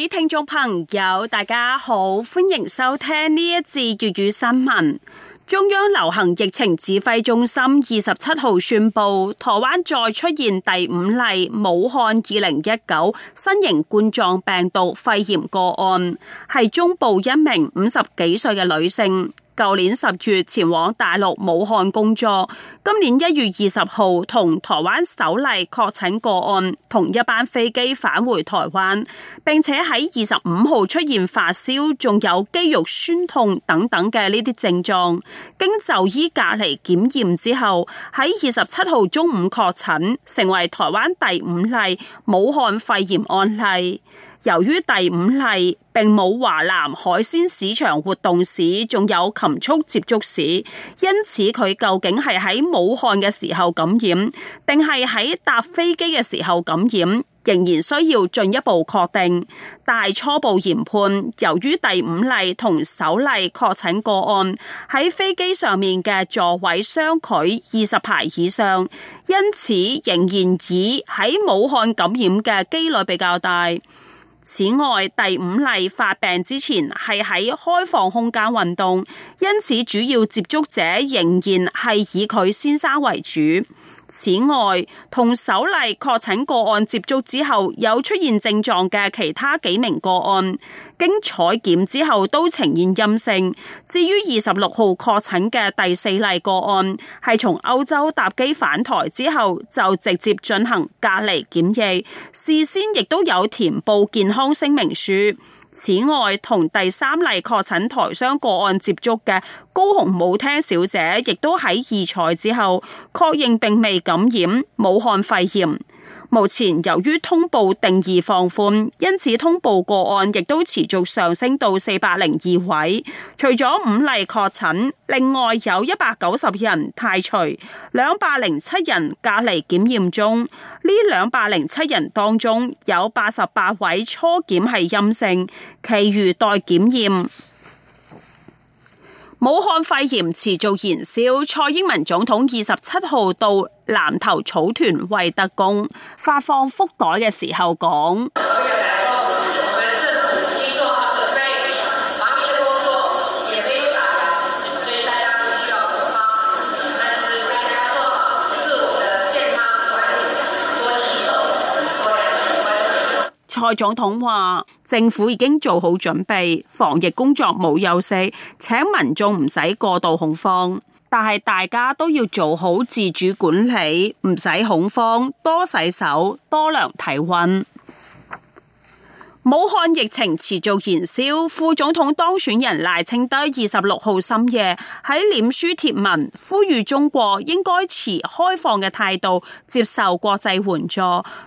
各位聽眾朋友，大家好，歡迎收聽呢一節粵語新聞。中央流行疫情指揮中心二十七號宣布，台灣再出現第五例武漢二零一九新型冠狀病毒肺炎個案，係中部一名五十幾歲嘅女性。舊年十月前往大陸武漢工作，今年一月二十號同台灣首例確診個案同一班飛機返回台灣，並且喺二十五號出現發燒，仲有肌肉酸痛等等嘅呢啲症狀，經就醫隔離檢驗之後，喺二十七號中午確診，成為台灣第五例武漢肺炎案例。由於第五例並冇華南海鮮市場活動史，仲有禽畜接觸史，因此佢究竟係喺武漢嘅時候感染，定係喺搭飛機嘅時候感染，仍然需要進一步確定。但係初步研判，由於第五例同首例確診個案喺飛機上面嘅座位相距二十排以上，因此仍然以喺武漢感染嘅機率比較大。此外，第五例發病之前係喺開放空間運動，因此主要接觸者仍然係以佢先生為主。此外，同首例確診個案接觸之後有出現症狀嘅其他幾名個案，經採檢之後都呈現陰性。至於二十六號確診嘅第四例個案，係從歐洲搭機返台之後就直接進行隔離檢疫，事先亦都有填報健。健康聲明書。此外，同第三例確診台商個案接觸嘅高雄舞廳小姐，亦都喺二採之後確認並未感染武漢肺炎。目前由於通報定義放寬，因此通報個案亦都持續上升到四百零二位。除咗五例確診，另外有一百九十人汰除，兩百零七人隔離檢驗中。呢兩百零七人當中，有八十八位初檢係陰性，其餘待檢驗。武漢肺炎持續燃燒，蔡英文總統二十七號到南投草屯為特工發放福袋嘅時候講。蔡總統話：政府已經做好準備，防疫工作冇休息，請民眾唔使過度恐慌，但係大家都要做好自主管理，唔使恐慌，多洗手，多量體溫。武漢疫情持續延燒，副總統當選人賴清德二十六號深夜喺臉書貼文呼籲中國應該持開放嘅態度接受國際援助，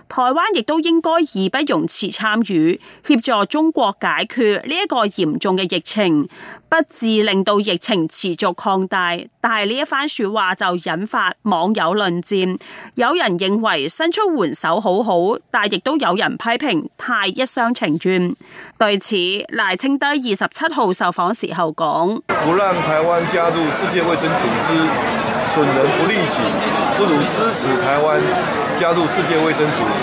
台灣亦都應該義不容辭參與協助中國解決呢一個嚴重嘅疫情，不致令到疫情持續擴大。但係呢一番說話就引發網友論戰，有人認為伸出援手好好，但亦都有人批評太一廂情。對此，賴清德二十七號受訪時候講：不讓台灣加入世界衛生組織，損人不利己，不如支持台灣加入世界衛生組織。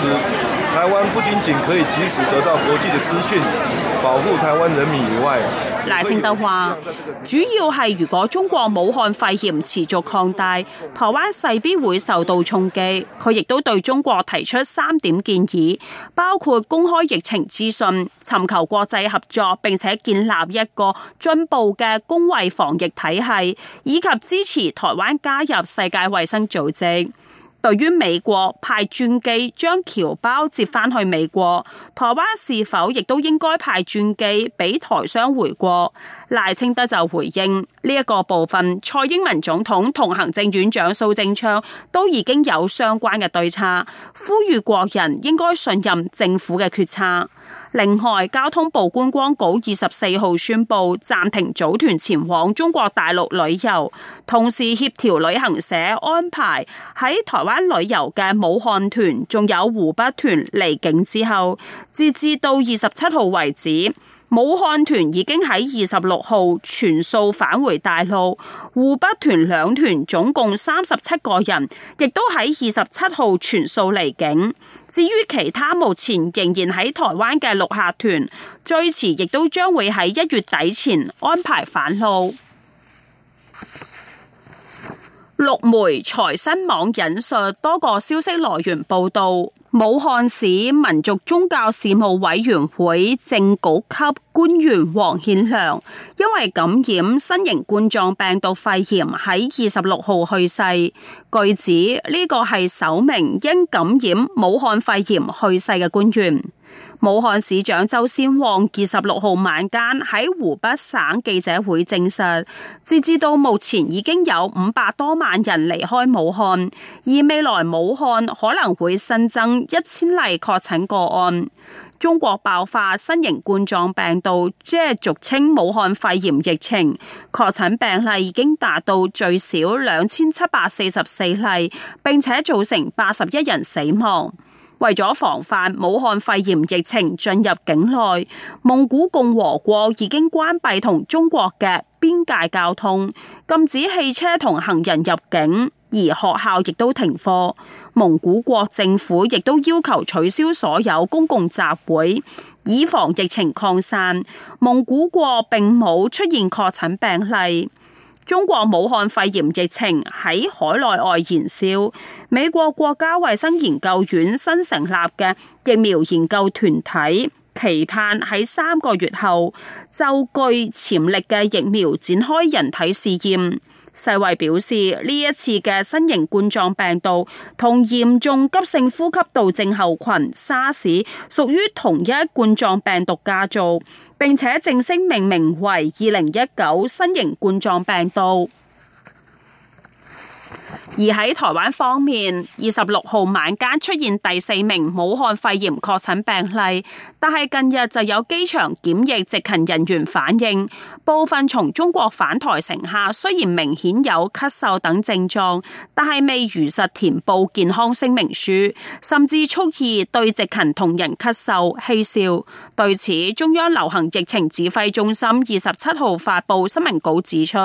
台灣不僅僅可以及時得到國際的資訊，保護台灣人民以外。賴清德話：主要係如果中國武漢肺炎持續擴大，台灣勢必會受到衝擊。佢亦都對中國提出三點建議，包括公開疫情資訊、尋求國際合作，並且建立一個進步嘅公衛防疫體系，以及支持台灣加入世界衛生組織。對於美國派專機將僑胞接返去美國，台灣是否亦都應該派專機俾台商回國？賴清德就回應呢一、這個部分，蔡英文總統同行政院長蘇貞昌都已經有相關嘅對策，呼籲國人應該信任政府嘅決策。另外，交通部觀光局二十四號宣布暫停組團前往中國大陸旅遊，同時協調旅行社安排喺台灣玩旅遊嘅武漢團，仲有湖北團離境之後，截至到二十七號為止，武漢團已經喺二十六號全數返回大陸，湖北團兩團總共三十七個人，亦都喺二十七號全數離境。至於其他目前仍然喺台灣嘅陸客團，最遲亦都將會喺一月底前安排返澳。陸媒財新網引述多個消息來源報道，武漢市民族宗教事務委員會正局級官員王獻良因為感染新型冠狀病毒肺炎喺二十六號去世。據指呢個係首名因感染武漢肺炎去世嘅官員。武漢市長周先旺二十六號晚間喺湖北省記者會證實，截至到目前已經有五百多萬人離開武漢，而未來武漢可能會新增一千例確診個案。中國爆發新型冠狀病毒，即係俗稱武漢肺炎疫情，確診病例已經達到最少兩千七百四十四例，並且造成八十一人死亡。為咗防範武漢肺炎疫情進入境內，蒙古共和國已經關閉同中國嘅邊界交通，禁止汽車同行人入境，而學校亦都停課。蒙古國政府亦都要求取消所有公共集會，以防疫情擴散。蒙古國並冇出現確診病例。中國武漢肺炎疫情喺海內外燃燒。美國國家衛生研究院新成立嘅疫苗研究團體，期盼喺三個月後就具潛力嘅疫苗展開人體試驗。世衛表示，呢一次嘅新型冠狀病毒同嚴重急性呼吸道症候群沙士 r s 屬於同一冠狀病毒家族，並且正式命名為二零一九新型冠狀病毒。而喺台灣方面，二十六號晚間出現第四名武漢肺炎確診病例，但係近日就有機場檢疫值勤人員反映，部分從中國返台乘客雖然明顯有咳嗽等症狀，但係未如實填報健康聲明書，甚至蓄意對值勤同仁咳嗽嬉笑。對此，中央流行疫情指揮中心二十七號發布新聞稿指出，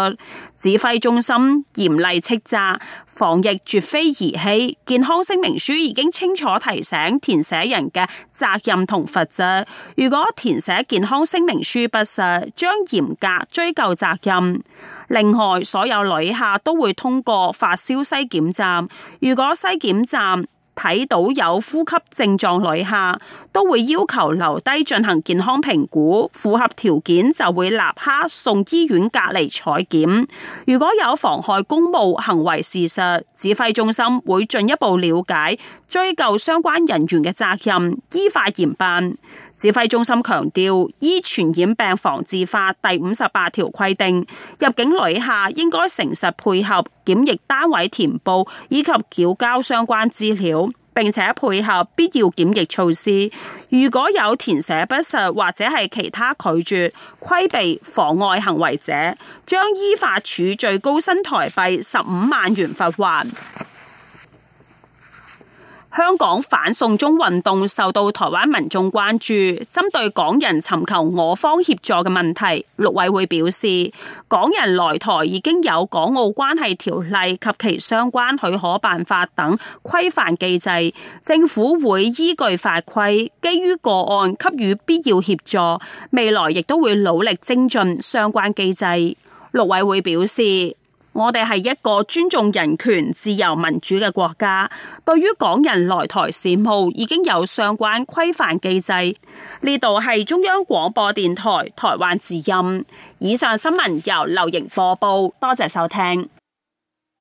指揮中心嚴厲斥責。防疫絕非兒戲，健康聲明書已經清楚提醒填寫人嘅責任同罰則。如果填寫健康聲明書不實，將嚴格追究責任。另外，所有旅客都會通過發燒篩檢站。如果篩檢站睇到有呼吸症狀旅客，都會要求留低進行健康評估，符合條件就會立刻送醫院隔離採檢。如果有妨害公務行為事實，指揮中心會進一步了解，追究相關人員嘅責任，依法嚴辦。指揮中心強調，依《傳染病防治法》第五十八條規定，入境旅客應該誠實配合檢疫單位填報以及繳交相關資料。並且配合必要檢疫措施。如果有填寫不實，或者係其他拒絕、規避、妨礙行為者，將依法處最高新台幣十五萬元罰鍰。香港反送中運動受到台灣民眾關注，針對港人尋求我方協助嘅問題，陸委會表示，港人來台已經有《港澳關係條例》及其相關許可辦法等規範機制，政府會依據法規，基於個案給予必要協助，未來亦都會努力精進相關機制。陸委會表示，我哋係一個尊重人權、自由民主嘅國家，對於港人來台事務已經有相關規範機制。呢度係中央廣播電台台灣之音。以上新聞由劉瑩播報，多謝收聽。